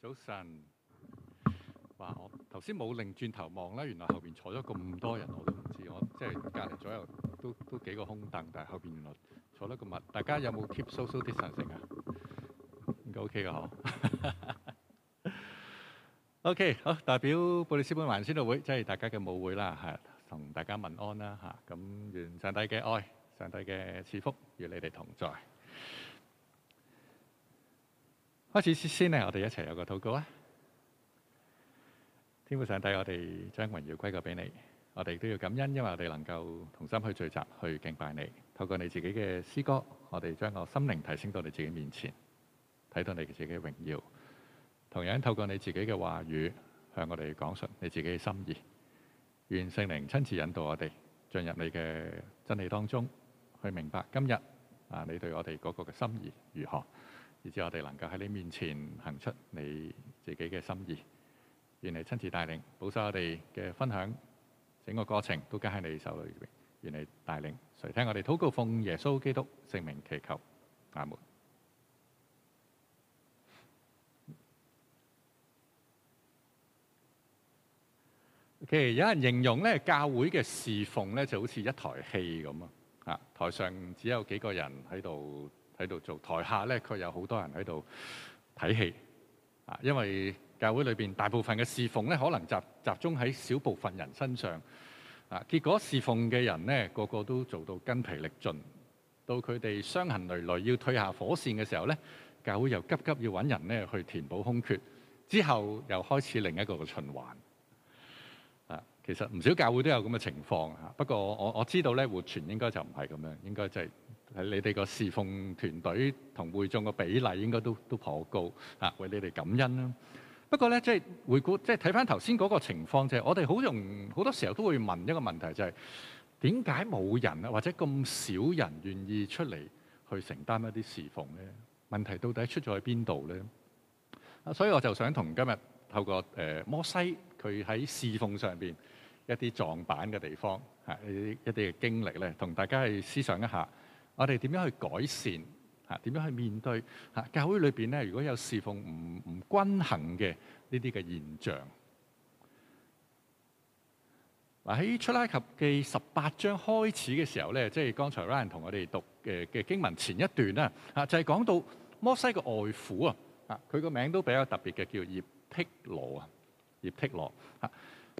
早晨！哇，我頭先冇擰轉頭望啦，原來後邊坐咗咁多人我都唔知，我即係隔離左右都都幾個空凳，但係後邊原來坐得咁密。大家有冇 keep social distancing 啊？應該 OK 噶呵。OK，好，代表布里斯本華人宣道會，即係大家嘅母會啦，嚇同大家問安啦，嚇咁願上帝嘅愛、上帝嘅賜福與你哋同在。開始先咧，我哋一齊有個禱告啊！天父上帝，我哋將榮耀歸咎俾你，我哋都要感恩，因為我哋能夠同心去聚集、去敬拜你。透過你自己嘅詩歌，我哋將個心靈提升到你自己面前，睇到你自己嘅榮耀。同樣透過你自己嘅話語，向我哋講述你自己嘅心意。願聖靈親自引導我哋進入你嘅真理當中，去明白今日啊你對我哋嗰個嘅心意如何。以致我哋能夠喺你面前行出你自己嘅心意，願你親自帶領，保守我哋嘅分享，整個過程都交喺你手裏面。願你帶領，垂聽我哋禱告，奉耶穌基督聖名祈求，阿門。其實有人形容咧，教會嘅侍奉咧就好似一台戲咁啊！台上只有幾個人喺度。喺度做台下咧，佢有好多人喺度睇戲啊！因為教會裏邊大部分嘅侍奉咧，可能集集中喺少部分人身上啊。結果侍奉嘅人咧，個個都做到筋疲力盡，到佢哋傷痕累累要退下火線嘅時候咧，教會又急急要揾人咧去填補空缺，之後又開始另一個循環啊。其實唔少教會都有咁嘅情況，不過我我知道咧，活泉應該就唔係咁樣，應該就係。係你哋個侍奉團隊同會眾個比例應該都都頗高嚇，為你哋感恩啦。不過咧，即係回顧，即係睇翻頭先嗰個情況，就係我哋好容好多時候都會問一個問題，就係點解冇人啊，或者咁少人願意出嚟去承擔一啲侍奉咧？問題到底出咗喺邊度咧？啊，所以我就想同今日透過誒摩西佢喺侍奉上邊一啲撞板嘅地方嚇，一啲一啲嘅經歷咧，同大家去思想一下。我哋點樣去改善嚇？點樣去面對嚇教會裏邊咧？如果有侍奉唔唔均衡嘅呢啲嘅現象，嗱，喺出埃及記十八章開始嘅時候咧，即係剛才 Ryan 同我哋讀誒嘅經文前一段啦，啊就係講到摩西嘅外父啊，啊佢個名都比較特別嘅，叫葉忒羅啊，葉忒羅啊，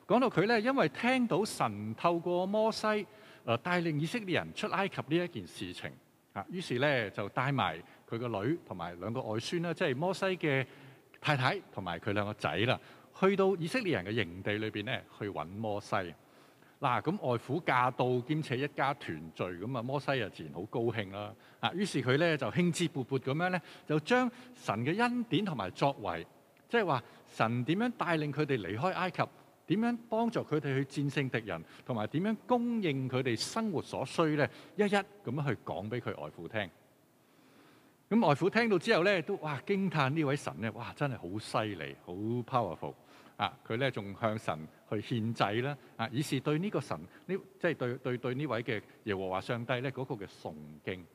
講到佢咧，因為聽到神透過摩西，誒帶領以色列人出埃及呢一件事情，啊，於是咧就帶埋佢個女同埋兩個外孫啦，即係摩西嘅太太同埋佢兩個仔啦，去到以色列人嘅營地裏邊咧，去揾摩西。嗱、啊，咁外父駕到兼且一家團聚，咁啊摩西啊自然好高興啦。啊，於是佢咧就興致勃勃咁樣咧，就將神嘅恩典同埋作為，即係話神點樣帶領佢哋離開埃及。點樣幫助佢哋去戰勝敵人，同埋點樣供應佢哋生活所需咧，一一咁樣去講俾佢外父聽。咁外父聽到之後咧，都哇驚歎呢位神咧，哇真係好犀利，好 powerful 啊！佢咧仲向神去獻祭啦，啊，以示對呢個神呢，即係對對對呢位嘅耶和華上帝咧嗰個嘅崇敬。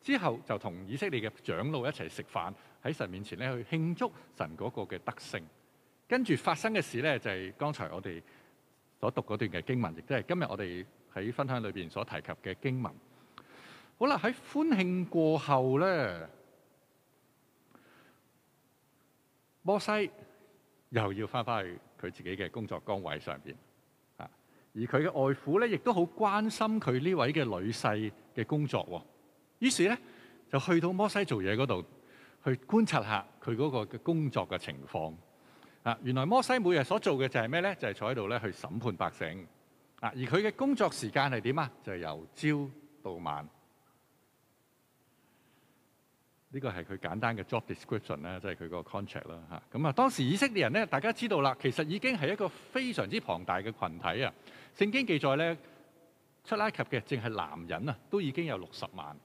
之後就同以色列嘅長老一齊食飯，喺神面前咧去慶祝神嗰個嘅得勝。跟住發生嘅事咧，就係剛才我哋所讀嗰段嘅經文，亦都係今日我哋喺分享裏邊所提及嘅經文。好啦，喺歡慶過後咧，摩西又要翻返去佢自己嘅工作崗位上邊啊。而佢嘅外父咧，亦都好關心佢呢位嘅女婿嘅工作，於是咧就去到摩西做嘢嗰度去觀察下佢嗰個嘅工作嘅情況。啊！原來摩西每日所做嘅就係咩咧？就係、是、坐喺度咧去審判百姓啊。而佢嘅工作時間係點啊？就係、是、由朝到晚。呢、這個係佢簡單嘅 job description 啦，即係佢嗰個 contract 啦嚇。咁、嗯、啊，當時以色列人咧，大家知道啦，其實已經係一個非常之龐大嘅群體啊。聖經記載咧出埃及嘅淨係男人啊，都已經有六十萬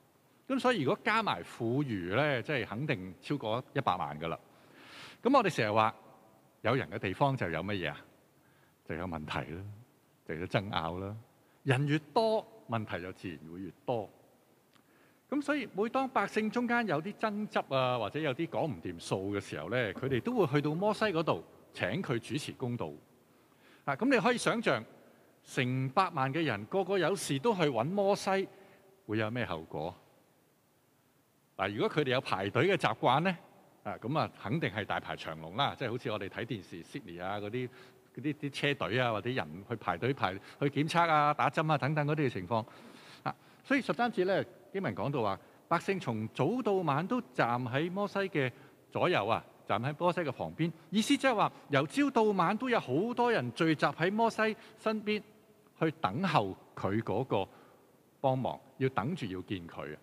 咁，所以如果加埋婦孺咧，即係肯定超過一百萬噶啦。咁我哋成日話。有人嘅地方就有乜嘢啊？就有問題啦，就有爭拗啦。人越多，問題就自然會越多。咁所以，每當百姓中間有啲爭執啊，或者有啲講唔掂數嘅時候咧，佢哋都會去到摩西嗰度請佢主持公道。啊，咁你可以想像，成百萬嘅人個個有事都去搵摩西，會有咩後果？嗱，如果佢哋有排隊嘅習慣咧？啊，咁啊，肯定係大排長龍啦，即係好似我哋睇電視 Sydney 啊，嗰啲啲啲車隊啊，或者人去排隊排去檢測啊、打針啊等等嗰啲嘅情況啊，所以十三節咧經文講到話，百姓從早到晚都站喺摩西嘅左右啊，站喺摩西嘅旁邊，意思即係話由朝到晚都有好多人聚集喺摩西身邊去等候佢嗰個幫忙，要等住要見佢啊。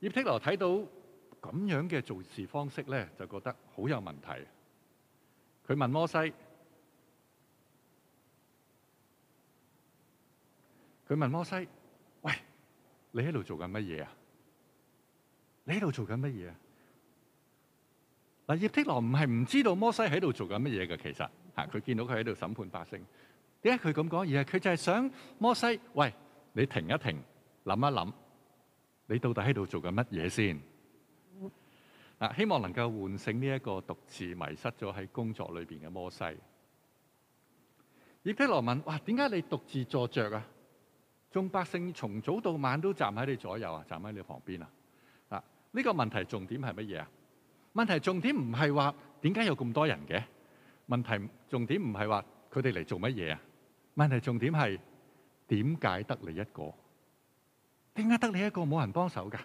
葉忒羅睇到。咁樣嘅做事方式咧，就覺得好有問題。佢問摩西，佢問摩西，喂，你喺度做緊乜嘢啊？你喺度做緊乜嘢啊？嗱，葉忒羅唔係唔知道摩西喺度做緊乜嘢嘅。其實嚇，佢見到佢喺度審判百姓，點解佢咁講？而係佢就係想摩西，喂，你停一停，諗一諗，你到底喺度做緊乜嘢先？啊，希望能夠喚醒呢一個獨自迷失咗喺工作裏邊嘅摩西。葉忒羅問，哇，點解你獨自坐着啊？眾百姓從早到晚都站喺你左右啊，站喺你旁邊啊！啊，呢個問題重點係乜嘢啊？問題重點唔係話點解有咁多人嘅？問題重點唔係話佢哋嚟做乜嘢啊？問題重點係點解得你一個？點解得你一個冇人幫手㗎？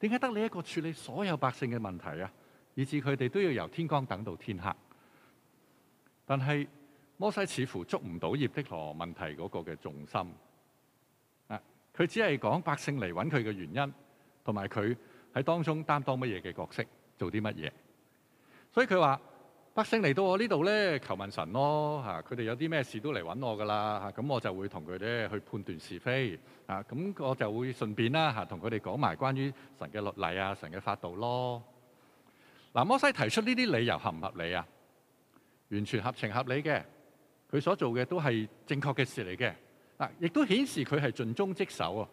點解得你一個處理所有百姓嘅問題啊？以至佢哋都要由天光等到天黑。但係摩西似乎捉唔到葉的羅問題嗰個嘅重心啊！佢只係講百姓嚟揾佢嘅原因，同埋佢喺當中擔當乜嘢嘅角色，做啲乜嘢。所以佢話：百姓嚟到我呢度咧，求問神咯嚇，佢哋有啲咩事都嚟揾我噶啦嚇，咁我就會同佢咧去判斷是非啊。咁我就會順便啦嚇，同佢哋講埋關於神嘅律例啊，神嘅法度咯。嗱，摩西提出呢啲理由合唔合理啊？完全合情合理嘅，佢所做嘅都係正確嘅事嚟嘅嗱，亦都顯示佢係盡忠職守啊。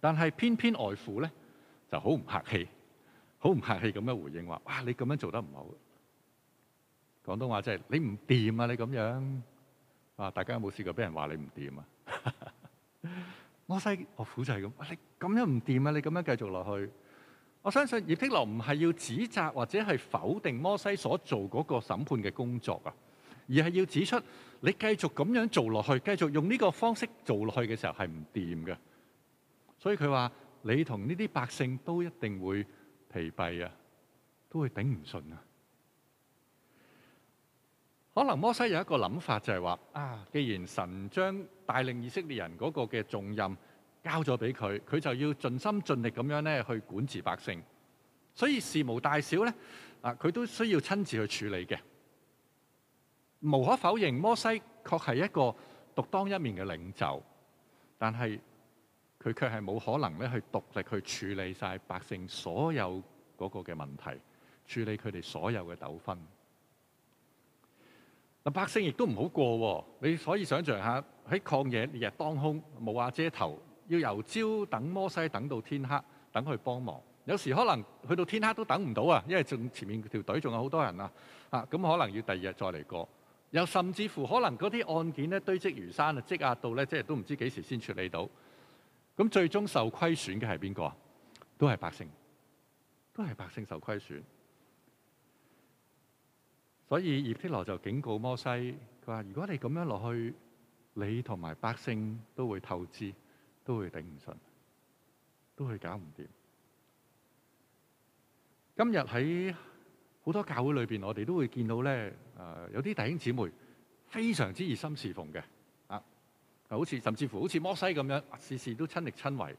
但係偏偏外父咧就好唔客氣，好唔客氣咁樣回應話：哇，你咁樣做得唔好。廣東話真係你唔掂啊！你咁樣啊，大家有冇試過俾人話你唔掂啊？ 摩西，我外父就係咁，你咁樣唔掂啊！你咁樣繼續落去，我相信葉忒羅唔係要指責或者係否定摩西所做嗰個審判嘅工作啊，而係要指出你繼續咁樣做落去，繼續用呢個方式做落去嘅時候係唔掂嘅。所以佢話：你同呢啲百姓都一定會疲憊啊，都會頂唔順啊！可能摩西有一個諗法，就係話：啊，既然神將帶領以色列人嗰個嘅重任交咗俾佢，佢就要盡心盡力咁樣咧去管治百姓。所以事無大小咧，啊，佢都需要親自去處理嘅。無可否認，摩西確係一個獨當一面嘅領袖，但係佢卻係冇可能咧去獨立去處理晒百姓所有嗰個嘅問題，處理佢哋所有嘅糾紛。百姓亦都唔好過喎。你可以想像下，喺曠野烈日當空，冇瓦遮頭，要由朝等摩西等到天黑，等佢幫忙。有時可能去到天黑都等唔到啊，因為仲前面條隊仲有好多人啊。啊，咁可能要第二日再嚟過。又甚至乎可能嗰啲案件咧堆積如山啊，積壓到咧即係都唔知幾時先處理到。咁最終受虧損嘅係邊個啊？都係百姓，都係百姓受虧損。所以葉忒羅就警告摩西，佢話：如果你咁樣落去，你同埋百姓都會透支，都會頂唔順，都會搞唔掂。今日喺好多教會裏邊，我哋都會見到咧，誒有啲弟兄姊妹非常之熱心侍奉嘅，啊，好似甚至乎好似摩西咁樣，事事都親力親為。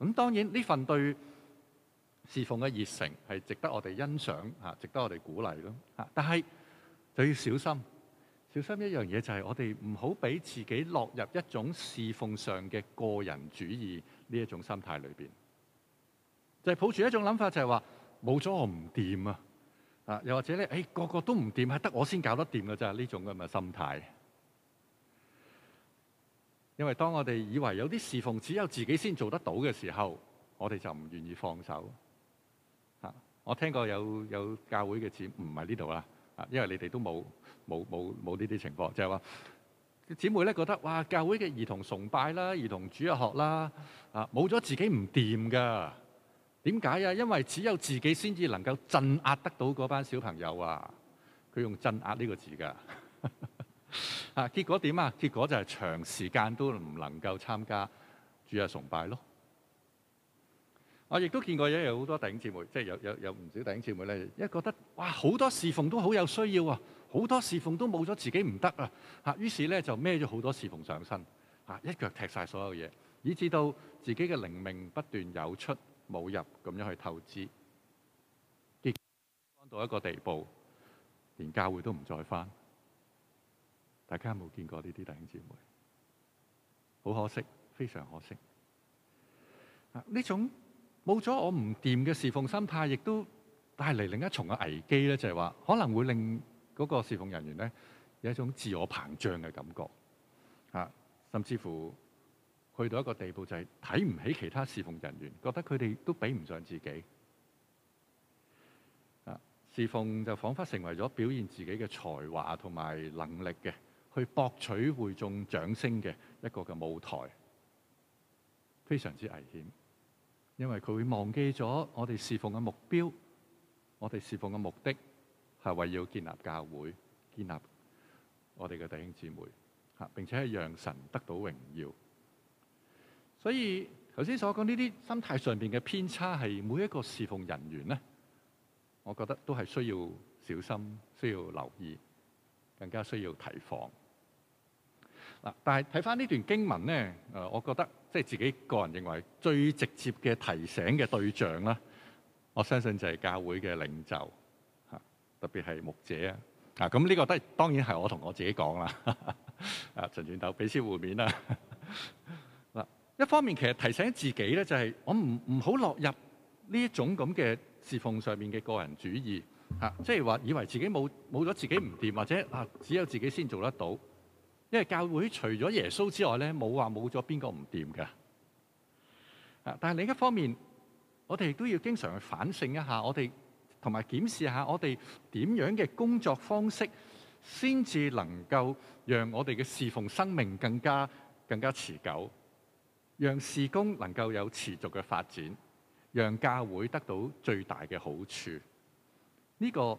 咁當然呢份對侍奉嘅熱誠係值得我哋欣賞吓，值得我哋鼓勵咯吓，但係，就要小心，小心一樣嘢就係我哋唔好俾自己落入一種侍奉上嘅個人主義呢一種心態裏邊，就係抱住一種諗法，就係話冇咗我唔掂啊！啊，又或者咧，誒、哎、個個都唔掂，係得我先搞得掂嘅就係，呢種咁嘅心態。因為當我哋以為有啲侍奉只有自己先做得到嘅時候，我哋就唔願意放手。啊，我聽過有有教會嘅錢唔係呢度啦。啊，因為你哋都冇冇冇冇呢啲情況，就係話姊妹咧覺得哇，教會嘅兒童崇拜啦，兒童主日學啦，啊，冇咗自己唔掂㗎。點解呀？因為只有自己先至能夠鎮壓得到嗰班小朋友啊。佢用鎮壓呢個字㗎啊。結果點啊？結果就係長時間都唔能夠參加主日崇拜咯。我亦都見過，有好多弟兄姊妹，即係有有有唔少弟兄姊妹咧，一覺得哇，好多侍奉都好有需要啊，好多侍奉都冇咗自己唔得啊，嚇，於是咧就孭咗好多侍奉上身，嚇，一腳踢晒所有嘢，以至到自己嘅靈命不斷有出冇入咁樣去透支。結果到一個地步，連教會都唔再翻。大家有冇見過呢啲弟兄姊妹？好可惜，非常可惜。啊，呢種，冇咗我唔掂嘅侍奉心態，亦都帶嚟另一重嘅危機咧，就係話可能會令嗰個侍奉人員咧有一種自我膨脹嘅感覺啊，甚至乎去到一個地步就係睇唔起其他侍奉人員，覺得佢哋都比唔上自己，啊，侍奉就仿佛成為咗表現自己嘅才華同埋能力嘅，去博取會眾掌聲嘅一個嘅舞台，非常之危險。因為佢會忘記咗我哋侍奉嘅目標，我哋侍奉嘅目的係為要建立教會，建立我哋嘅弟兄姊妹，吓並且係讓神得到榮耀。所以頭先所講呢啲心態上邊嘅偏差，係每一個侍奉人員咧，我覺得都係需要小心、需要留意、更加需要提防。嗱，但係睇翻呢段經文咧，誒，我覺得。即係自己個人認為最直接嘅提醒嘅對象啦，我相信就係教會嘅領袖嚇，特別係牧者啊。咁呢個都當然係我同我自己講啦。啊，陳轉頭，彼此互勉啦。嗱，一方面其實提醒自己咧，就係、是、我唔唔好落入呢一種咁嘅侍奉上面嘅個人主義嚇、啊，即係話以為自己冇冇咗自己唔掂，或者啊只有自己先做得到。因為教會除咗耶穌之外咧，冇話冇咗邊個唔掂㗎。啊！但係另一方面，我哋亦都要經常去反省一下我，我哋同埋檢視下我哋點樣嘅工作方式，先至能夠讓我哋嘅侍奉生命更加更加持久，讓事工能夠有持續嘅發展，讓教會得到最大嘅好處。呢、呢個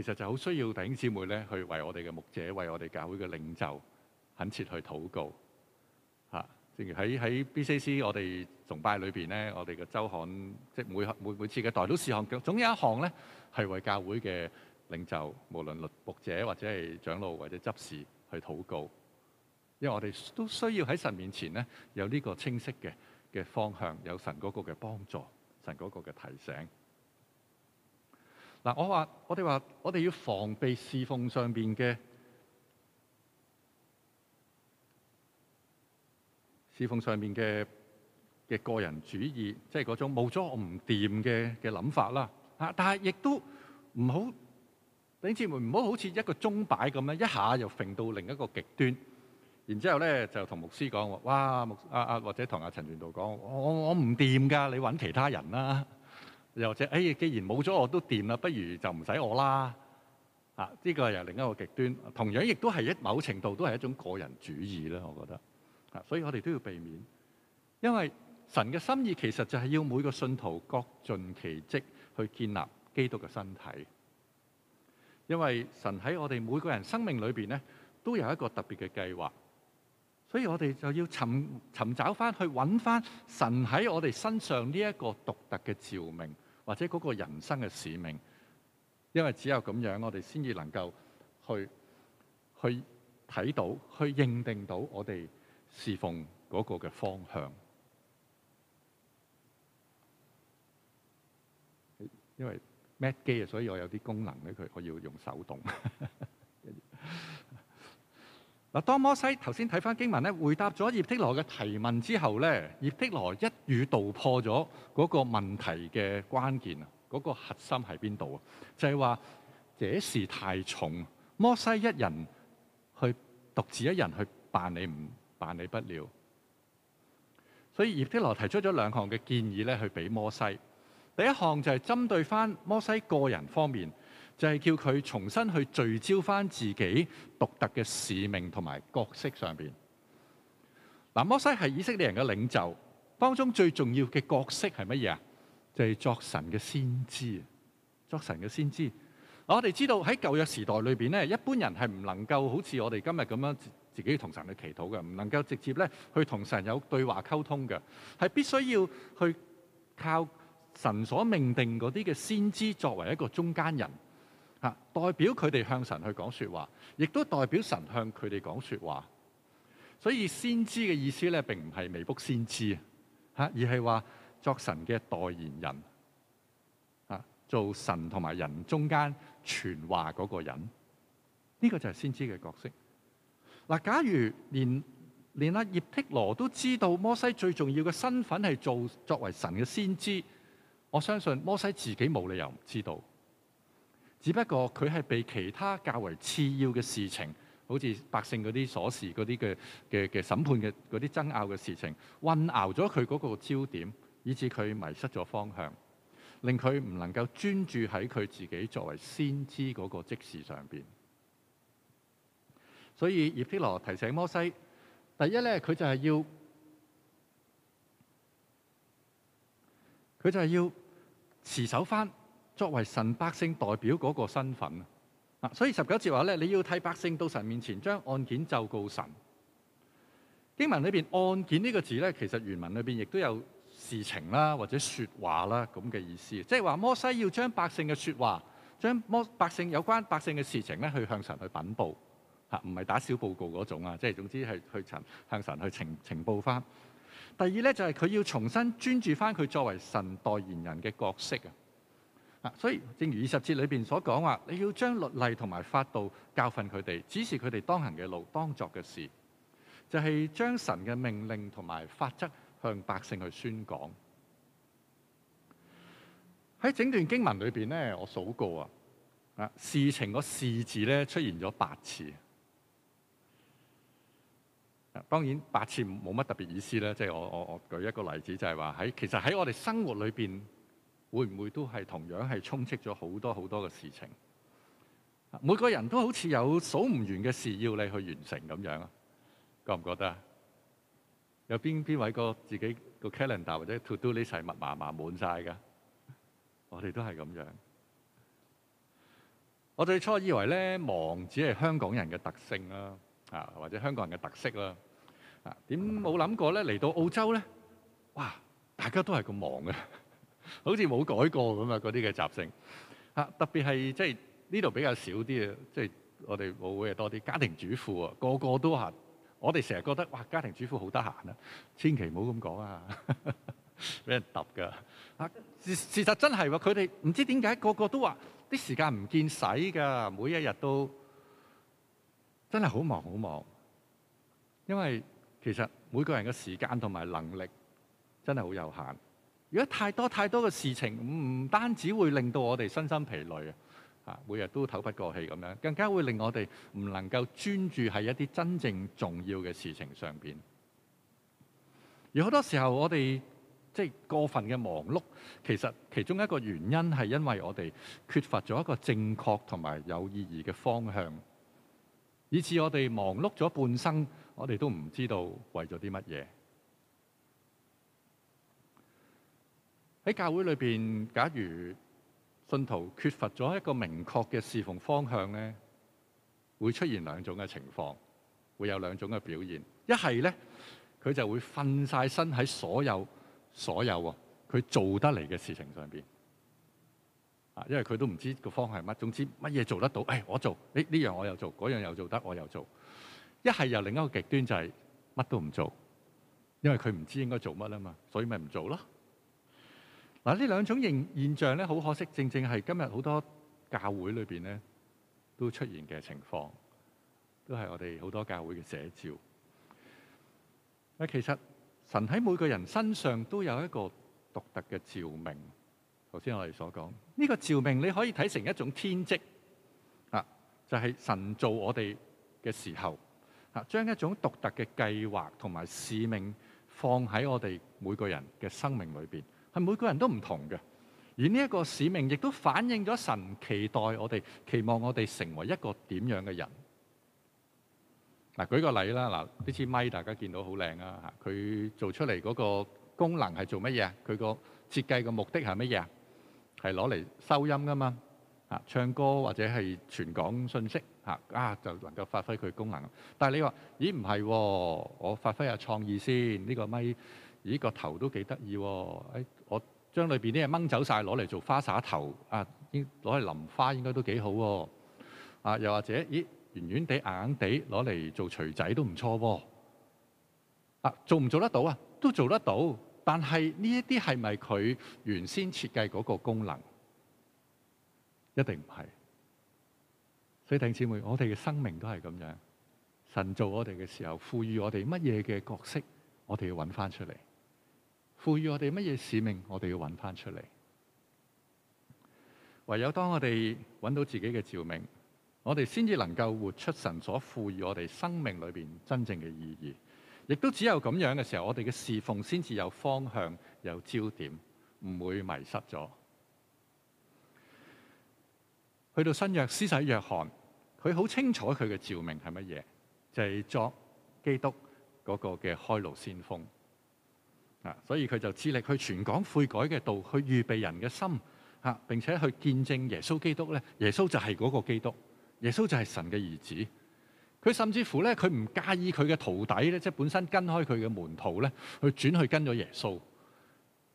其實就好需要弟兄姊妹咧，去為我哋嘅牧者、為我哋教會嘅領袖，懇切去禱告。嚇，正如喺喺 BCC 我哋崇拜裏邊咧，我哋嘅週刊，即係每每每次嘅代禱事項，總有一項咧係為教會嘅領袖，無論牧者或者係長老或者執事去禱告。因為我哋都需要喺神面前咧，有呢個清晰嘅嘅方向，有神嗰個嘅幫助，神嗰個嘅提醒。嗱，我話我哋話我哋要防備侍奉上邊嘅侍奉上邊嘅嘅個人主義，即係嗰種冇咗我唔掂嘅嘅諗法啦。啊，但係亦都唔好頂住門，唔好好似一個鐘擺咁樣，一下又揈到另一個極端，然之後咧就同牧師講話，哇牧啊啊，或者同阿陳傳道講，我我唔掂㗎，你揾其他人啦。又或者，哎、既然冇咗我都掂啦，不如就唔使我啦。啊，呢個又另一個極端，同樣亦都係一某程度都係一種個人主義啦。我覺得，啊，所以我哋都要避免，因為神嘅心意其實就係要每個信徒各盡其職去建立基督嘅身體，因為神喺我哋每個人生命裏邊咧，都有一個特別嘅計劃，所以我哋就要尋尋找翻，去揾翻神喺我哋身上呢一個獨特嘅召命。或者嗰個人生嘅使命，因為只有咁樣，我哋先至能夠去去睇到，去認定到我哋侍奉嗰個嘅方向。因為 Mac 機啊，所以我有啲功能咧，佢可以用手動。 嗱，當摩西頭先睇翻經文咧，回答咗葉忒羅嘅提問之後咧，葉忒羅一語道破咗嗰個問題嘅關鍵啊，嗰、那個核心喺邊度啊？就係、是、話這事太重，摩西一人去獨自一人去辦理唔辦理不了，所以葉忒羅提出咗兩項嘅建議咧，去俾摩西。第一項就係針對翻摩西個人方面。就係叫佢重新去聚焦翻自己獨特嘅使命同埋角色上邊。嗱，摩西係以色列人嘅領袖，當中最重要嘅角色係乜嘢啊？就係作神嘅先知啊！作神嘅先知。我哋知道喺舊約時代裏邊咧，一般人係唔能夠好似我哋今日咁樣自自己同神去祈禱嘅，唔能夠直接咧去同神有對話溝通嘅，係必須要去靠神所命定嗰啲嘅先知作為一個中間人。吓，代表佢哋向神去講說話，亦都代表神向佢哋講說話。所以先知嘅意思咧，並唔係未卜先知，吓，而係話作神嘅代言人，吓，做神同埋人中間傳話嗰個人。呢、這個就係先知嘅角色。嗱，假如連連阿葉忒羅都知道摩西最重要嘅身份係做作為神嘅先知，我相信摩西自己冇理由唔知道。只不過佢係被其他較為次要嘅事情，好似百姓嗰啲瑣事，嗰啲嘅嘅嘅審判嘅、嗰啲爭拗嘅事情，混淆咗佢嗰個焦點，以致佢迷失咗方向，令佢唔能夠專注喺佢自己作為先知嗰個職事上邊。所以葉忒羅提醒摩西，第一呢，佢就係要佢就係要持守翻。作為神百姓代表嗰個身份啊，所以十九節話咧，你要替百姓到神面前將案件奏告神。經文裏面「案件」呢個字咧，其實原文裏面亦都有事情啦，或者說話啦咁嘅意思，即係話摩西要將百姓嘅說話，將百姓有關百姓嘅事情咧，去向神去禀報嚇，唔係打小報告嗰種啊。即係總之係去向神去情情報翻。第二咧就係佢要重新專注翻佢作為神代言人嘅角色啊。所以，正如二十節裏邊所講話，你要將律例同埋法度教訓佢哋，指示佢哋當行嘅路、當作嘅事，就係、是、將神嘅命令同埋法則向百姓去宣講。喺整段經文裏邊咧，我數過啊，事情嗰事字咧出現咗八次。當然八次冇乜特別意思咧，即係我我我舉一個例子，就係話喺其實喺我哋生活裏邊。會唔會都係同樣係充斥咗好多好多嘅事情？每個人都好似有數唔完嘅事要你去完成咁樣啊？覺唔覺得啊？有邊邊位個自己個 calendar 或者 to do list 呢？係密麻麻滿曬噶，我哋都係咁樣。我最初以為咧，忙只係香港人嘅特性啦，啊或者香港人嘅特色啦，啊點冇諗過咧，嚟到澳洲咧，哇大家都係咁忙嘅。好似冇改過咁啊！嗰啲嘅習性啊，特別係即係呢度比較少啲啊，即係我哋母會係多啲家庭主婦啊，個個都話我哋成日覺得哇，家庭主婦好得閒啊，千祈唔好咁講啊，俾人揼㗎啊！事實真係喎，佢哋唔知點解個個都話啲時間唔見使㗎，每一日都真係好忙好忙，因為其實每個人嘅時間同埋能力真係好有限。如果太多太多嘅事情，唔單止會令到我哋身心疲累啊，每日都透不過氣咁樣，更加會令我哋唔能夠專注喺一啲真正重要嘅事情上邊。而好多時候我們，我哋即係過分嘅忙碌，其實其中一個原因係因為我哋缺乏咗一個正確同埋有意義嘅方向，以致我哋忙碌咗半生，我哋都唔知道為咗啲乜嘢。喺教會裏邊，假如信徒缺乏咗一個明確嘅侍奉方向咧，會出現兩種嘅情況，會有兩種嘅表現。一係咧，佢就會瞓晒身喺所有所有佢做得嚟嘅事情上邊。啊，因為佢都唔知個方向係乜，總之乜嘢做得到，誒，我做，誒呢樣我又做，嗰樣又做得，我又做。一係又另一個極端就係乜都唔做，因為佢唔知應該做乜啊嘛，所以咪唔做咯。嗱，呢兩種現現象咧，好可惜，正正係今日好多教會裏邊咧都出現嘅情況，都係我哋好多教會嘅寫照。嗱，其實神喺每個人身上都有一個獨特嘅召命。頭先我哋所講呢、這個召命，你可以睇成一種天職啊，就係、是、神造我哋嘅時候啊，將一種獨特嘅計劃同埋使命放喺我哋每個人嘅生命裏邊。係每個人都唔同嘅，而呢一個使命亦都反映咗神期待我哋，期望我哋成為一個點樣嘅人。嗱，舉個例啦，嗱，呢次咪大家見到好靚啊，嚇佢做出嚟嗰個功能係做乜嘢？佢個設計嘅目的係乜嘢？係攞嚟收音噶嘛，嚇唱歌或者係傳講信息，嚇啊就能夠發揮佢功能。但係你話，咦唔係，我發揮下創意先，呢個咪。咦個頭都幾得意喎！哎，我將裏邊啲嘢掹走晒，攞嚟做花灑頭啊！攞嚟淋花應該都幾好喎！啊，又或者咦，圓圓地、硬硬地，攞嚟做錘仔都唔錯喎！啊，做唔做得到啊？都做得到，但係呢一啲係咪佢原先設計嗰個功能？一定唔係。所以弟兄姊妹，我哋嘅生命都係咁樣。神做我哋嘅時候，賦予我哋乜嘢嘅角色，我哋要揾翻出嚟。賦予我哋乜嘢使命，我哋要揾翻出嚟。唯有當我哋揾到自己嘅召命，我哋先至能夠活出神所賦予我哋生命裏邊真正嘅意義。亦都只有咁樣嘅時候，我哋嘅侍奉先至有方向、有焦點，唔會迷失咗。去到新約，施洗約翰，佢好清楚佢嘅召命係乜嘢，就係、是、作基督嗰個嘅開路先鋒。啊！所以佢就致力去全港悔改嘅道，去預備人嘅心，吓，並且去見證耶穌基督咧。耶穌就係嗰個基督，耶穌就係神嘅兒子。佢甚至乎咧，佢唔介意佢嘅徒弟咧，即係本身跟開佢嘅門徒咧，去轉去跟咗耶穌，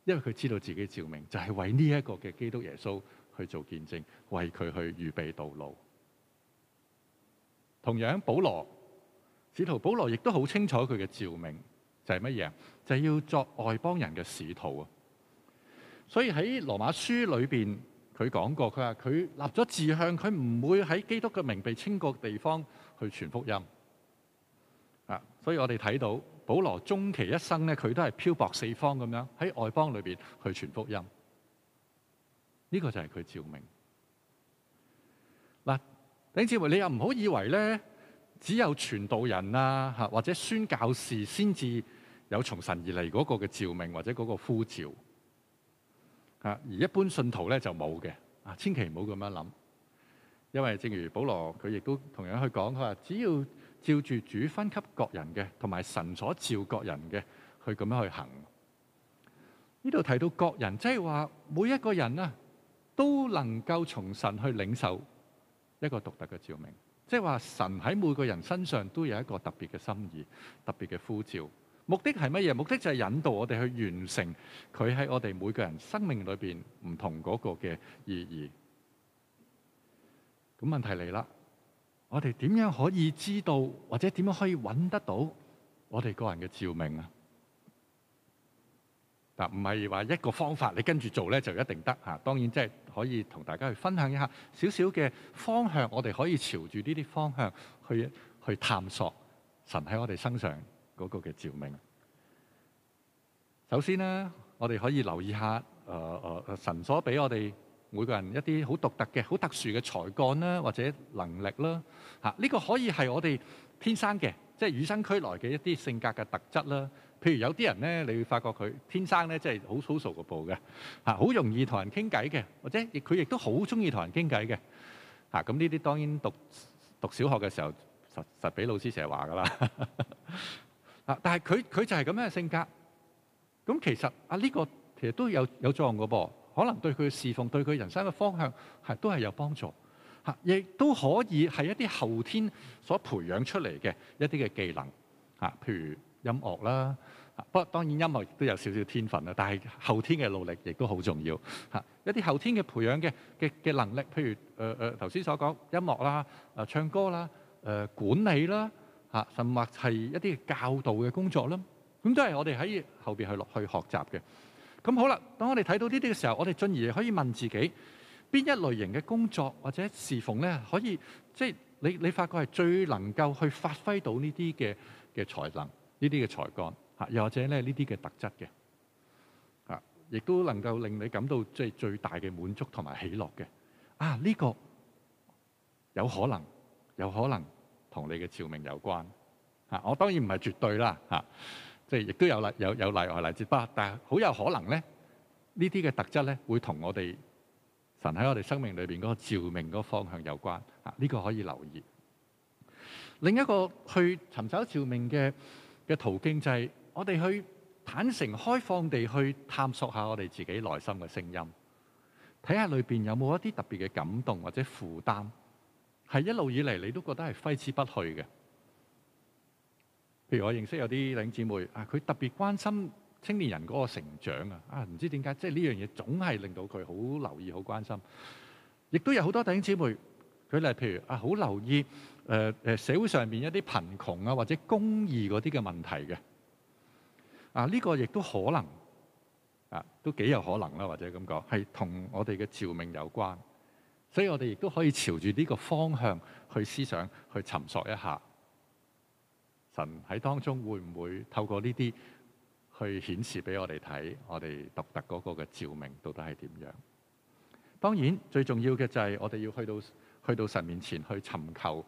因為佢知道自己照明，就係為呢一個嘅基督耶穌去做見證，為佢去預備道路。同樣保羅，使徒保羅亦都好清楚佢嘅照明就係乜嘢。就要作外邦人嘅使徒啊！所以喺羅馬書裏邊，佢講過，佢話佢立咗志向，佢唔會喺基督嘅名被稱過嘅地方去傳福音啊！所以我哋睇到保羅終其一生咧，佢都係漂泊四方咁樣喺外邦裏邊去傳福音。呢個就係佢照明嗱。頂志梅，你又唔好以為咧，只有傳道人啊，嚇或者宣教士先至。有從神而嚟嗰個嘅召命，或者嗰個呼召啊。而一般信徒咧就冇嘅啊，千祈唔好咁樣諗，因為正如保羅佢亦都同樣去講，佢話只要照住主分給各人嘅，同埋神所召各人嘅，去咁樣去行。呢度提到各人，即係話每一個人啊都能夠從神去領受一個獨特嘅召命，即係話神喺每個人身上都有一個特別嘅心意、特別嘅呼召。目的係乜嘢？目的就係引導我哋去完成佢喺我哋每個人生命裏邊唔同嗰個嘅意義。咁問題嚟啦，我哋點樣可以知道，或者點樣可以揾得到我哋個人嘅召命啊？嗱，唔係話一個方法，你跟住做咧就一定得嚇。當然即係可以同大家去分享一下少少嘅方向，我哋可以朝住呢啲方向去去探索神喺我哋身上。嗰、那個嘅照明。首先咧，我哋可以留意一下，誒誒誒，神所俾我哋每個人一啲好獨特嘅、好特殊嘅才幹啦，或者能力啦。嚇，呢個可以係我哋天生嘅，即係與生俱來嘅一啲性格嘅特質啦。譬如有啲人咧，你會發覺佢天生咧，即係好粗嘈個部嘅，嚇，好容易同人傾偈嘅，或者亦佢亦都好中意同人傾偈嘅。嚇，咁呢啲當然讀讀小學嘅時候，實實俾老師成日話㗎喇。啊！但係佢佢就係咁樣嘅性格，咁其實啊呢個其實都有有作用嘅噃，可能對佢侍奉、對佢人生嘅方向係都係有幫助。嚇，亦都可以係一啲後天所培養出嚟嘅一啲嘅技能。嚇，譬如音樂啦，不過當然音樂都有少少天分啦，但係後天嘅努力亦都好重要。嚇，一啲後天嘅培養嘅嘅嘅能力，譬如誒誒頭先所講音樂啦、誒、呃、唱歌啦、誒、呃、管理啦。啊，甚或係一啲教導嘅工作啦，咁都係我哋喺後邊去落去學習嘅。咁好啦，當我哋睇到呢啲嘅時候，我哋進而可以問自己，邊一類型嘅工作或者事奉咧可以即係、就是、你你發覺係最能夠去發揮到呢啲嘅嘅才能、呢啲嘅才幹，嚇，又或者咧呢啲嘅特質嘅，啊，亦都能夠令你感到即係最大嘅滿足同埋喜樂嘅。啊，呢、這個有可能，有可能。同你嘅照明有關，嚇！我當然唔係絕對啦，嚇！即係亦都有例有有例外例子，不過但係好有可能咧，呢啲嘅特質咧會同我哋神喺我哋生命裏邊嗰個照明嗰個方向有關，嚇！呢個可以留意。另一個去尋找照明嘅嘅途徑就係我哋去坦誠開放地去探索下我哋自己內心嘅聲音，睇下裏邊有冇一啲特別嘅感動或者負擔。係一路以嚟，你都覺得係揮之不去嘅。譬如我認識有啲弟兄姊妹啊，佢特別關心青年人嗰個成長啊。啊，唔知點解，即係呢樣嘢總係令到佢好留意、好關心。亦都有好多弟兄姊妹，佢例譬如啊，好留意誒誒、呃、社會上邊一啲貧窮啊或者公義嗰啲嘅問題嘅。啊，呢、這個亦都可能啊，都幾有可能啦，或者咁講，係同我哋嘅召命有關。所以我哋亦都可以朝住呢個方向去思想，去尋索一下神喺當中會唔會透過呢啲去顯示俾我哋睇，我哋獨特嗰個嘅照明到底係點樣？當然最重要嘅就係我哋要去到去到神面前去尋求、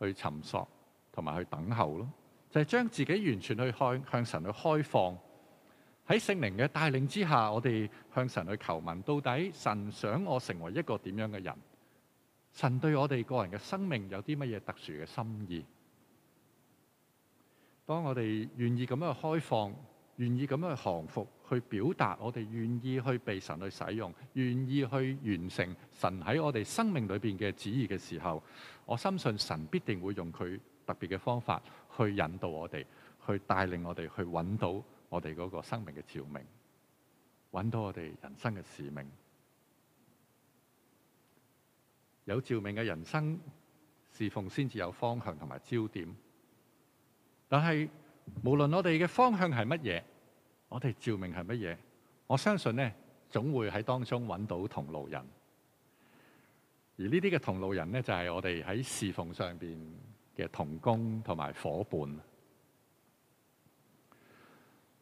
去尋索同埋去等候咯，就係、是、將自己完全去開向神去開放。喺聖靈嘅帶領之下，我哋向神去求問：到底神想我成為一個點樣嘅人？神對我哋個人嘅生命有啲乜嘢特殊嘅心意？當我哋願意咁樣去開放，願意咁樣去降服，去表達我哋願意去被神去使用，願意去完成神喺我哋生命裏邊嘅旨意嘅時候，我相信神必定會用佢特別嘅方法去引導我哋，去帶領我哋去揾到。我哋嗰個生命嘅照明，揾到我哋人生嘅使命，有照明嘅人生侍奉先至有方向同埋焦點。但係無論我哋嘅方向係乜嘢，我哋照明係乜嘢，我相信咧，總會喺當中揾到同路人。而呢啲嘅同路人咧，就係我哋喺侍奉上邊嘅同工同埋夥伴。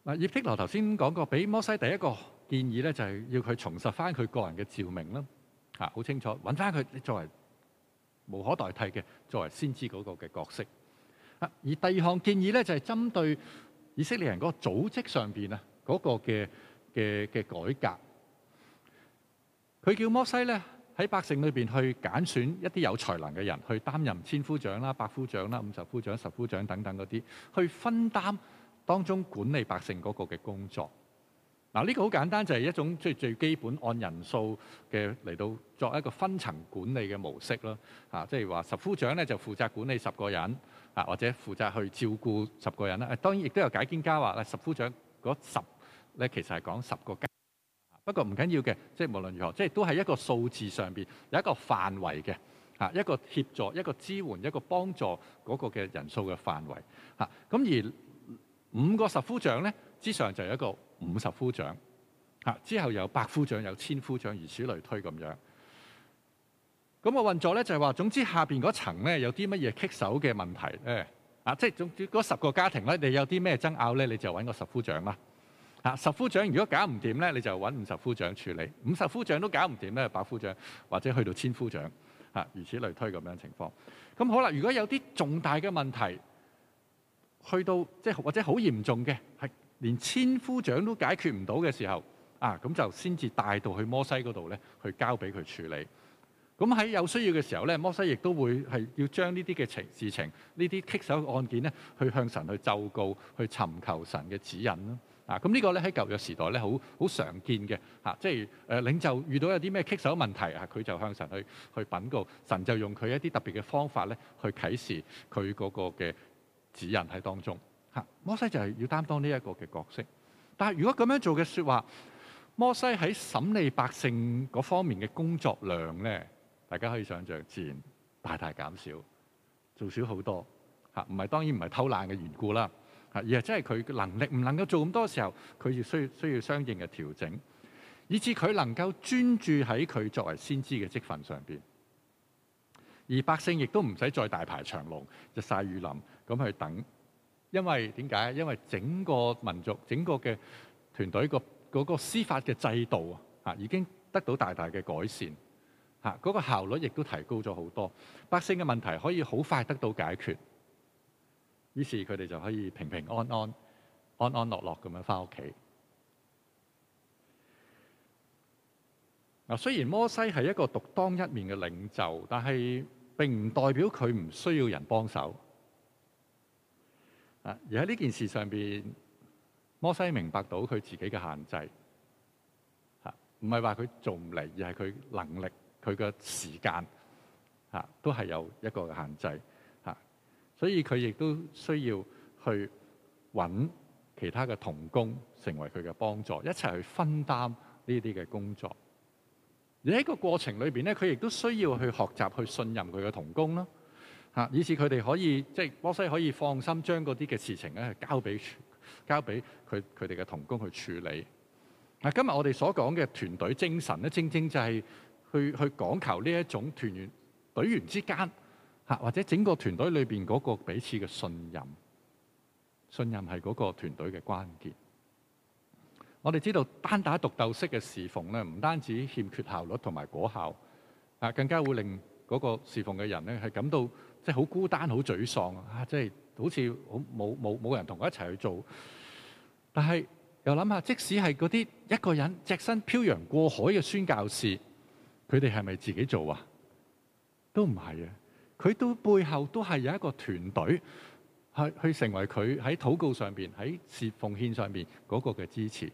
葉忒羅頭先講過，俾摩西第一個建議咧，就係要佢重拾翻佢個人嘅召命啦，嚇好清楚，揾翻佢作為無可代替嘅作為先知嗰個嘅角色。啊，而第二項建議咧，就係針對以色列人嗰個組織上邊啊，嗰個嘅嘅嘅改革。佢叫摩西咧喺百姓裏邊去揀選一啲有才能嘅人去擔任千夫長啦、百夫長啦、五十夫長、十夫長等等嗰啲，去分擔。當中管理百姓嗰個嘅工作，嗱、這、呢個好簡單，就係、是、一種即係最基本按人數嘅嚟到作一個分層管理嘅模式咯。嚇，即係話十夫長咧就負責管理十個人，啊或者負責去照顧十個人啦。當然亦都有解經家話啦，十夫長嗰十咧其實係講十個家，不過唔緊要嘅，即係無論如何，即係都係一個數字上面有一個範圍嘅嚇，一個協助、一個支援、一個幫助嗰個嘅人數嘅範圍嚇。咁而五個十夫長咧之上就有一個五十夫長，嚇，之後有百夫長，有千夫長，如此類推咁樣。咁個運作咧就係話，總之下邊嗰層咧有啲乜嘢棘手嘅問題，誒啊！即係總之嗰十個家庭咧，你有啲咩爭拗咧，你就揾個十夫長啦。嚇、啊，十夫長如果搞唔掂咧，你就揾五十夫長處理。五十夫長都搞唔掂咧，百夫長或者去到千夫長，嚇、啊，如此類推咁樣情況。咁好啦，如果有啲重大嘅問題。去到即係或者好嚴重嘅，係連千夫長都解決唔到嘅時候，啊，咁就先至帶到去摩西嗰度咧，去交俾佢處理。咁喺有需要嘅時候咧，摩西亦都會係要將呢啲嘅情事情、呢啲棘手的案件咧，去向神去奏告，去尋求神嘅指引咯。啊，咁呢個咧喺舊約時代咧，好好常見嘅嚇，即係誒領袖遇到有啲咩棘手的問題啊，佢就向神去去稟告，神就用佢一啲特別嘅方法咧，去啟示佢嗰個嘅指引喺當中嚇，摩西就係要擔當呢一個嘅角色。但係如果咁樣做嘅説話，摩西喺審理百姓嗰方面嘅工作量咧，大家可以想像自然大大減少，做少好多嚇。唔係當然唔係偷懶嘅緣故啦嚇，而係真係佢能力唔能夠做咁多時候，佢要需要需要相應嘅調整，以至佢能夠專注喺佢作為先知嘅職份上邊，而百姓亦都唔使再大排長龍，日曬雨淋。咁去等，因為點解？因為整個民族、整個嘅團隊個嗰個司法嘅制度啊，吓已經得到大大嘅改善，吓嗰個效率亦都提高咗好多，百姓嘅問題可以好快得到解決，於是佢哋就可以平平安安、安安樂樂咁樣翻屋企。嗱，雖然摩西係一個獨當一面嘅領袖，但係並唔代表佢唔需要人幫手。啊！而喺呢件事上邊，摩西明白到佢自己嘅限制，嚇唔係話佢做唔嚟，而係佢能力、佢嘅時間，嚇都係有一個限制嚇。所以佢亦都需要去揾其他嘅同工成為佢嘅幫助，一齊去分擔呢啲嘅工作。而喺個過程裏邊咧，佢亦都需要去學習去信任佢嘅同工啦。嚇！以至佢哋可以即係、就是、波西可以放心將嗰啲嘅事情咧，交俾交俾佢佢哋嘅同工去處理。嗱，今日我哋所講嘅團隊精神咧，正正就係去去講求呢一種團員隊員之間吓或者整個團隊裏邊嗰個彼此嘅信任。信任係嗰個團隊嘅關鍵。我哋知道單打獨鬥式嘅侍奉咧，唔單止欠缺效率同埋果效，啊，更加會令嗰個侍奉嘅人咧係感到。即係好孤單、好沮喪啊！即係、就係、好似好冇冇冇人同佢一齊去做。但係又諗下，即使係嗰啲一個人隻身漂洋過海嘅宣教士，佢哋係咪自己做啊？都唔係啊！佢都背後都係有一個團隊去、啊、去成為佢喺禱告上邊、喺事奉獻上邊嗰個嘅支持。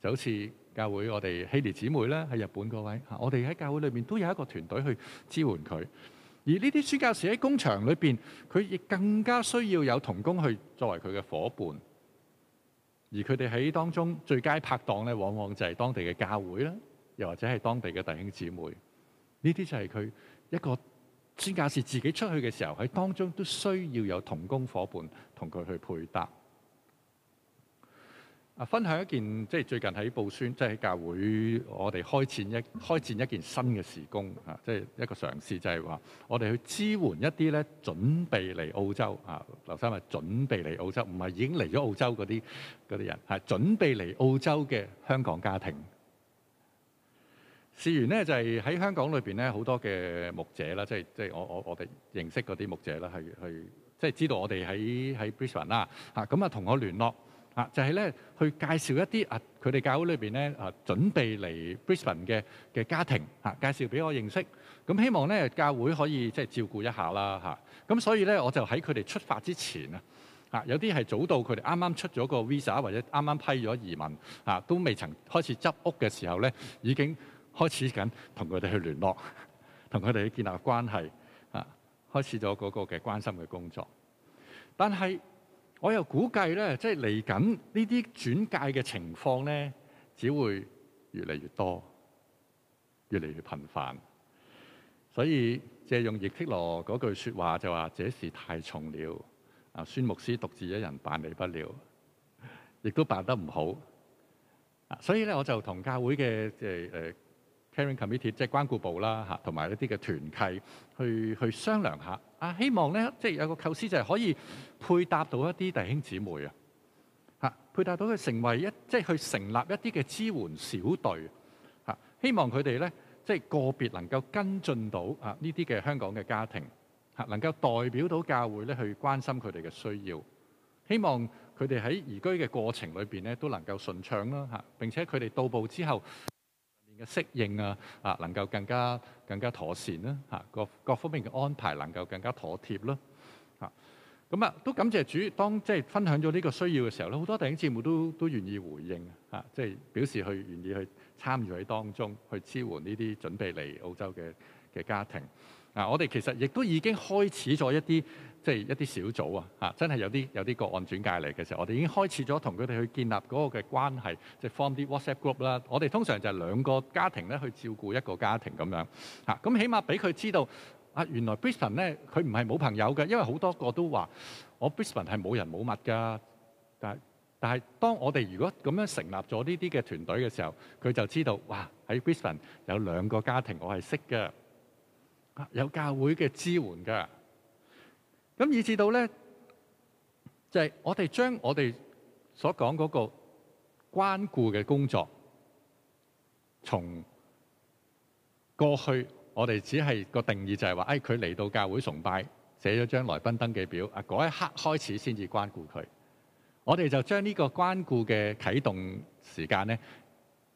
就好似教會我哋希利姊妹咧，喺日本嗰位，我哋喺教會裏面都有一個團隊去支援佢。而呢啲宣教士喺工場裏面，佢亦更加需要有同工去作為佢嘅伙伴，而佢哋喺當中最佳拍檔咧，往往就係當地嘅教會啦，又或者係當地嘅弟兄姊妹。呢啲就係佢一個宣教士自己出去嘅時候，喺當中都需要有同工伙伴同佢去配搭。啊，分享一件即係最近喺布宣，即係喺教會我哋開展一開展一件新嘅事工啊，即係一個嘗試，就係話我哋去支援一啲咧準備嚟澳洲啊，劉生話準備嚟澳洲，唔係已經嚟咗澳洲嗰啲啲人，係準備嚟澳洲嘅香港家庭。事緣呢，就係喺香港裏邊咧好多嘅牧者啦，即係即係我我我哋認識嗰啲牧者啦，係去即係知道我哋喺喺 Brisbane 啦，嚇咁啊同我聯絡。啊，就係咧，去介紹一啲啊，佢哋教會裏邊咧啊，準備嚟 Brisbane 嘅嘅家庭啊，介紹俾我認識。咁希望咧，教會可以即係照顧一下啦，嚇。咁所以咧，我就喺佢哋出發之前啊，啊，有啲係早到，佢哋啱啱出咗個 Visa 或者啱啱批咗移民啊，都未曾開始執屋嘅時候咧，已經開始緊同佢哋去聯絡，同佢哋去建立關係啊，開始咗嗰個嘅關心嘅工作。但係，我又估計咧，即係嚟緊呢啲轉介嘅情況咧，只會越嚟越多，越嚟越頻繁。所以借用葉忒羅嗰句說話就話：這事太重了，啊，孫牧師獨自一人辦理不了，亦都辦得唔好。啊，所以咧，我就同教會嘅即係、呃 Caring Committee 即係關顧部啦，嚇，同埋一啲嘅團契去去商量下，啊，希望咧即係有個構思就係可以配搭到一啲弟兄姊妹啊，嚇，配搭到佢成為一即係、就是、去成立一啲嘅支援小隊，嚇、啊，希望佢哋咧即係個別能夠跟進到啊呢啲嘅香港嘅家庭嚇、啊，能夠代表到教會咧去關心佢哋嘅需要，希望佢哋喺移居嘅過程裏邊咧都能夠順暢啦嚇、啊，並且佢哋到步之後，嘅適應啊，啊，能夠更加更加妥善啦、啊、嚇，各各方面嘅安排能夠更加妥貼啦嚇。咁啊，都感謝主，當即係、就是、分享咗呢個需要嘅時候咧，好多電影節目都都願意回應嚇，即、啊、係、就是、表示佢願意去參與喺當中去支援呢啲準備嚟澳洲嘅嘅家庭。嗱、啊，我哋其實亦都已經開始咗一啲。即係一啲小組啊，嚇！真係有啲有啲個案轉介嚟嘅時候，我哋已經開始咗同佢哋去建立嗰個嘅關係，即係 form 啲 WhatsApp group 啦。我哋通常就係兩個家庭咧去照顧一個家庭咁樣，嚇！咁起碼俾佢知道啊，原來 Brisbane 咧佢唔係冇朋友嘅，因為好多個都話我 Brisbane 係冇人冇物噶。但係但係當我哋如果咁樣成立咗呢啲嘅團隊嘅時候，佢就知道哇，喺 Brisbane 有兩個家庭我係識嘅，有教會嘅支援㗎。咁以至到咧，就係、是、我哋將我哋所講嗰個關顧嘅工作，從過去我哋只係、嗰個定義就係話，誒佢嚟到教會崇拜，寫咗張來賓登記表，啊嗰一刻開始先至關顧佢。我哋就將呢個關顧嘅啟動時間咧，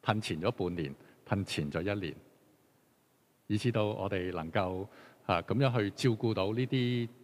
噴前咗半年，噴前咗一年，以至到我哋能夠啊咁樣去照顧到呢啲。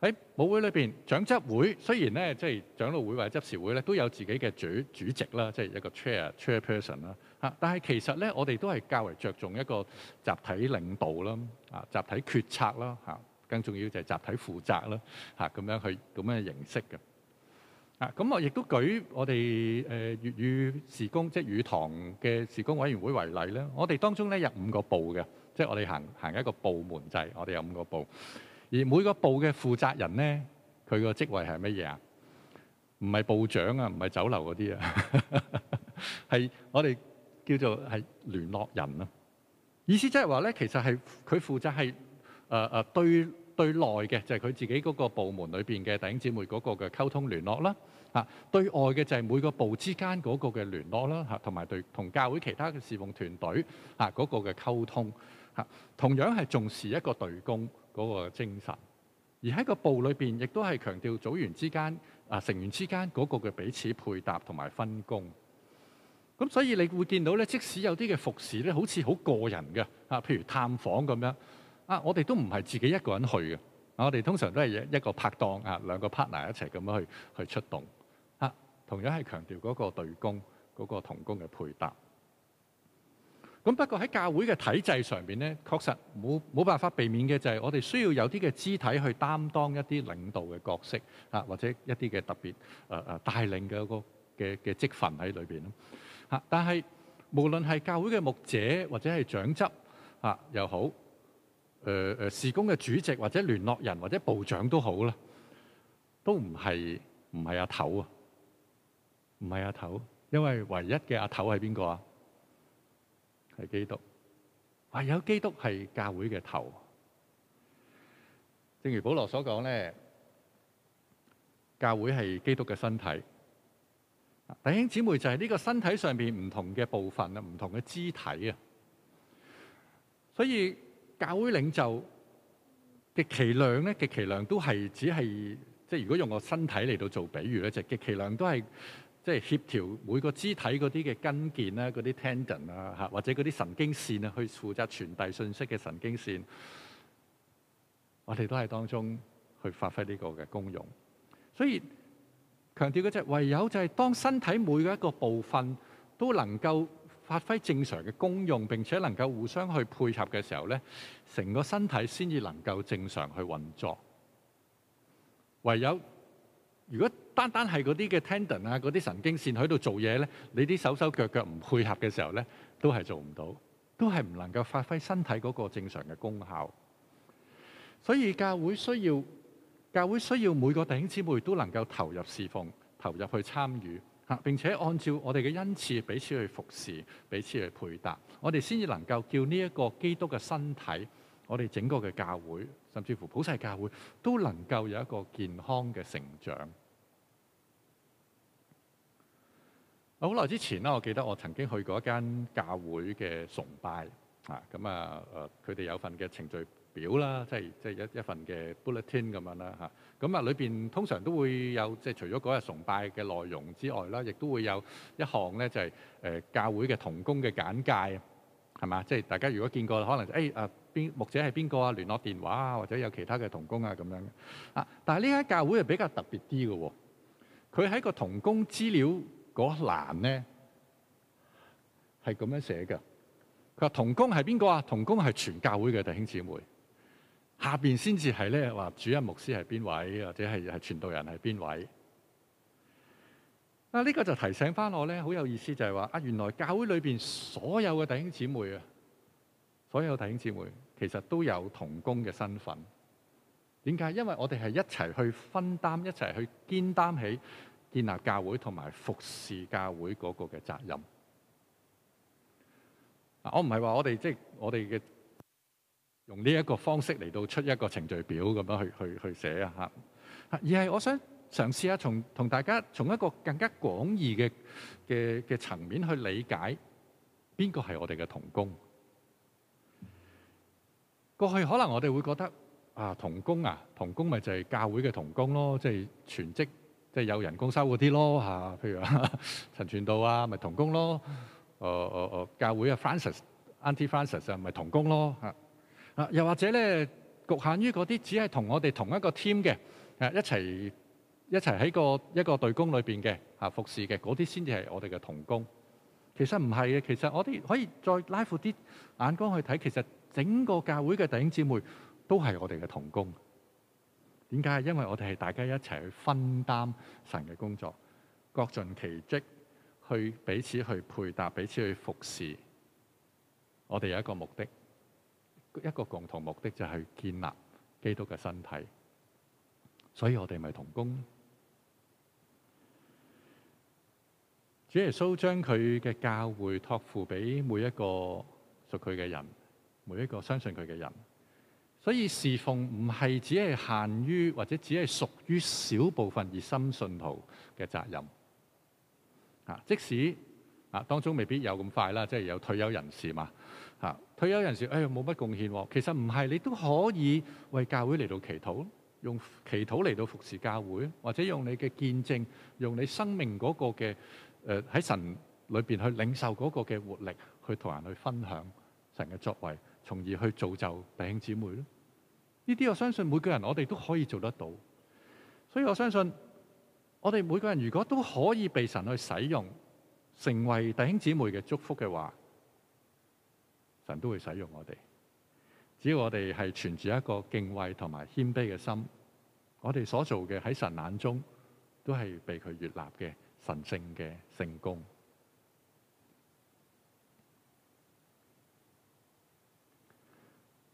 喺舞會裏邊，長執會雖然咧，即係長老會或者執事會咧，都有自己嘅主主席啦，即係一個 chair chair person 啦。嚇，但係其實咧，我哋都係較為着重一個集體領導啦，啊，集體決策啦，嚇，更重要就係集體負責啦，嚇，咁樣去咁樣嘅形式嘅。啊，咁我亦都舉我哋誒粵語事工即係語堂嘅事工委員會為例咧。我哋當中咧有五個部嘅，即係我哋行行一個部門制，我哋有五個部。而每個部嘅負責人咧，佢個職位係乜嘢啊？唔係部長啊，唔係酒樓嗰啲啊，係我哋叫做係聯絡人啊。意思即係話咧，其實係佢負責係誒誒對對內嘅，就係佢自己嗰個部門裏邊嘅弟兄姊妹嗰個嘅溝通聯絡啦。啊，對外嘅就係每個部之間嗰個嘅聯絡啦。嚇，同埋對同教會其他嘅侍奉團隊嚇嗰個嘅溝通嚇，同樣係重視一個隊工，嗰、那個、精神，而喺個部裏邊，亦都係強調組員之間啊、成員之間嗰個嘅彼此配搭同埋分工。咁所以你會見到咧，即使有啲嘅服侍咧，好似好個人嘅啊，譬如探訪咁樣啊，我哋都唔係自己一個人去嘅，我哋通常都係一個拍檔啊，兩個 partner 一齊咁樣去去出動啊，同樣係強調嗰個隊工嗰、那個同工嘅配搭。咁不過喺教會嘅體制上邊咧，確實冇冇辦法避免嘅就係、是、我哋需要有啲嘅肢體去擔當一啲領導嘅角色啊，或者一啲嘅特別誒誒帶領嘅一個嘅嘅職份喺裏邊咯嚇。但係無論係教會嘅牧者或者係長執啊又好，誒、呃、誒事工嘅主席或者聯絡人或者部長都好啦，都唔係唔係阿頭啊，唔係阿頭，因為唯一嘅阿頭係邊個啊？係基督，唯有基督係教會嘅頭。正如保羅所講咧，教會係基督嘅身體。弟兄姊妹就係呢個身體上邊唔同嘅部分啊，唔同嘅肢體啊。所以教會領袖極其量咧，極其量都係只係，即係如果用個身體嚟到做比喻咧，就極其量都係。即、就、係、是、協調每個肢體嗰啲嘅筋腱啦、嗰啲 tendon 啊嚇，或者嗰啲神經線啊，去負責傳遞信息嘅神經線，我哋都係當中去發揮呢個嘅功用。所以強調嗰隻、就是，唯有就係當身體每一個部分都能夠發揮正常嘅功用，並且能夠互相去配合嘅時候咧，成個身體先至能夠正常去運作。唯有。如果單單係嗰啲嘅 tendon 啊、嗰啲神經線喺度做嘢咧，你啲手手腳腳唔配合嘅時候咧，都係做唔到，都係唔能夠發揮身體嗰個正常嘅功效。所以教會需要，教會需要每個弟兄姊妹都能夠投入侍奉、投入去參與吓，並且按照我哋嘅恩賜彼此去服侍、彼此去配搭，我哋先至能夠叫呢一個基督嘅身體，我哋整個嘅教會，甚至乎普世教會，都能夠有一個健康嘅成長。好耐之前啦，我記得我曾經去過一間教會嘅崇拜，啊，咁啊，誒，佢哋有份嘅程序表啦，即係即係一一份嘅 bulletin 咁樣啦，嚇。咁啊，裏邊通常都會有，即係除咗嗰日崇拜嘅內容之外啦，亦都會有一項咧就係誒教會嘅同工嘅簡介，係嘛？即係大家如果見過，可能誒啊邊牧者係邊個啊？聯絡電話啊，或者有其他嘅同工啊咁樣。啊，但係呢間教會係比較特別啲嘅喎，佢喺個同工資料，嗰欄咧係咁樣寫嘅，佢話同工係邊個啊？同工係全教會嘅弟兄姊妹，下邊先至係咧話主任牧師係邊位，或者係係傳道人係邊位。啊！呢個就提醒返我咧，好有意思就係話啊，原來教會裏邊所有嘅弟兄姊妹啊，所有弟兄姊妹其實都有同工嘅身份。點解？因為我哋係一齊去分擔，一齊去肩擔起。建立教會同埋服侍教會嗰個嘅責任。啊，我唔係話我哋即係我哋嘅用呢一個方式嚟到出一個程序表咁樣去去去寫啊嚇，而係我想嘗試一下從同大家從一個更加廣義嘅嘅嘅層面去理解邊個係我哋嘅同工。過去可能我哋會覺得啊，同工啊，同工咪就係教會嘅同工咯，即係全職。即係有人工收嗰啲咯嚇，譬如陳傳道啊，咪同工咯。誒誒誒，教會啊，Francis、Auntie Francis 啊，咪同工咯嚇。啊，又或者咧，局限於嗰啲只係同我哋同一個 team 嘅，誒一齊一齊喺個一個隊工裏邊嘅嚇服侍嘅嗰啲先至係我哋嘅同工。其實唔係嘅，其實我哋可以再拉闊啲眼光去睇，其實整個教會嘅弟兄姊妹都係我哋嘅同工。點解？因為我哋係大家一齊去分擔神嘅工作，各盡其職，去彼此去配搭，彼此去服侍。我哋有一個目的，一個共同目的就係建立基督嘅身體。所以我哋咪同工。主耶穌將佢嘅教會托付俾每一個屬佢嘅人，每一個相信佢嘅人。所以侍奉唔係只係限於或者只係屬於少部分熱心信徒嘅責任，即使啊當中未必有咁快啦，即係有退休人士嘛，退休人士，哎冇乜貢獻，啊，其實唔係，你都可以為教會嚟到祈禱，用祈禱嚟到服侍教會，或者用你嘅見證，用你生命嗰個嘅喺神裏面去領受嗰個嘅活力，去同人去分享神嘅作為。從而去造就弟兄姊妹咯，呢啲我相信每個人我哋都可以做得到，所以我相信我哋每個人如果都可以被神去使用，成為弟兄姊妹嘅祝福嘅話，神都會使用我哋，只要我哋係存住一個敬畏同埋謙卑嘅心，我哋所做嘅喺神眼中都係被佢悅納嘅神聖嘅成功。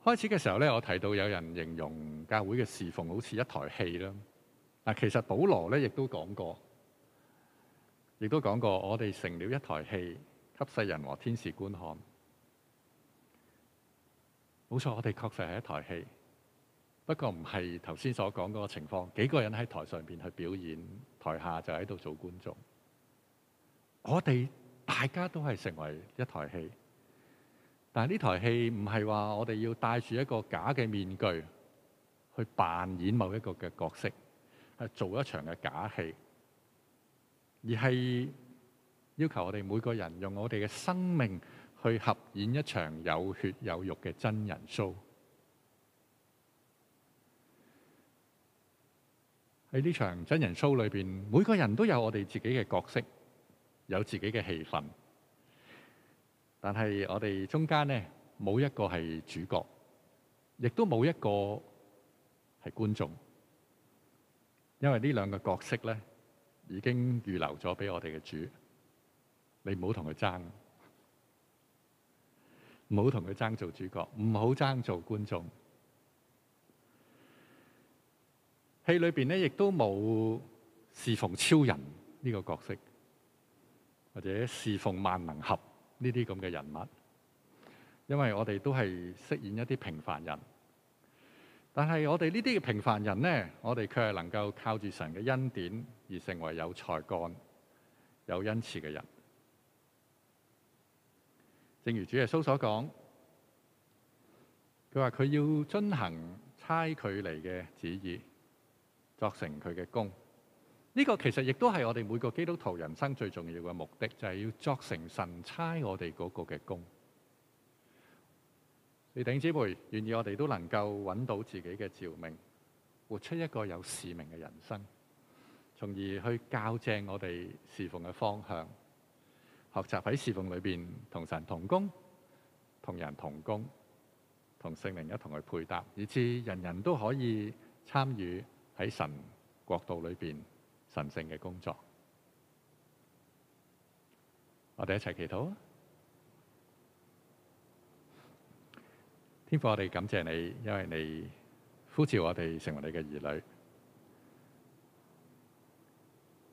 開始嘅時候咧，我提到有人形容教會嘅侍奉好似一台戲啦。嗱，其實保羅咧亦都講過，亦都講過，我哋成了一台戲，給世人和天使觀看。冇錯，我哋確實係一台戲，不過唔係頭先所講嗰個情況。幾個人喺台上邊去表演，台下就喺度做觀眾。我哋大家都係成為一台戲。但呢台戲唔係話我哋要戴住一個假嘅面具去扮演某一個嘅角色，去做一場嘅假戲，而係要求我哋每個人用我哋嘅生命去合演一場有血有肉嘅真人 show。喺呢場真人 show 裏邊，每個人都有我哋自己嘅角色，有自己嘅戲份。但係我哋中間咧，冇一個係主角，亦都冇一個係觀眾，因為呢兩個角色咧，已經預留咗俾我哋嘅主。你唔好同佢爭，唔好同佢爭做主角，唔好爭做觀眾。戲裏邊咧，亦都冇侍奉超人呢個角色，或者侍奉萬能俠。呢啲咁嘅人物，因為我哋都係飾演一啲平凡人，但係我哋呢啲平凡人咧，我哋卻係能夠靠住神嘅恩典而成為有才幹、有恩賜嘅人。正如主耶穌所講，佢話佢要遵行差佢嚟嘅旨意，作成佢嘅功。呢、這個其實亦都係我哋每個基督徒人生最重要嘅目的，就係、是、要作成神差我哋嗰個嘅工。你頂姊妹願意，我哋都能夠揾到自己嘅召命，活出一個有使命嘅人生，從而去校正我哋侍奉嘅方向，學習喺侍奉裏面，同神同工、同人同工、同聖靈一同去配搭，以致人人都可以參與喺神國度裏面。神聖嘅工作，我哋一齊祈禱啊！天父，我哋感謝你，因為你呼召我哋成為你嘅兒女，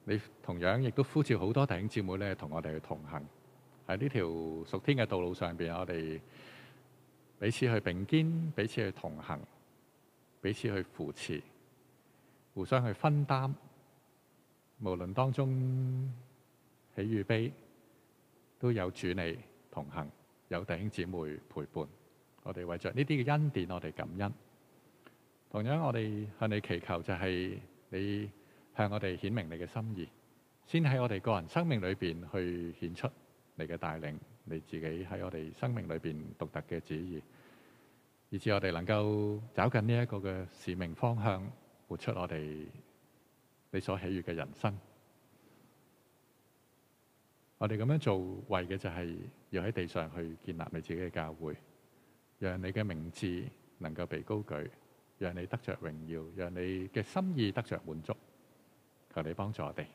你同樣亦都呼召好多弟兄姊妹咧，同我哋去同行喺呢條屬天嘅道路上邊。我哋彼此去並肩，彼此去同行，彼此去扶持，互相去分擔。無論當中喜與悲，都有主你同行，有弟兄姊妹陪伴。我哋為著呢啲嘅恩典，我哋感恩。同樣，我哋向你祈求，就係你向我哋顯明你嘅心意，先喺我哋個人生命裏邊去顯出你嘅帶領，你自己喺我哋生命裏邊獨特嘅旨意，以至我哋能夠找緊呢一個嘅使命方向，活出我哋，你所喜悅嘅人生，我哋咁樣做為嘅就係要喺地上去建立你自己嘅教會，讓你嘅名字能夠被高舉，讓你得着榮耀，讓你嘅心意得着滿足。求你幫助我哋。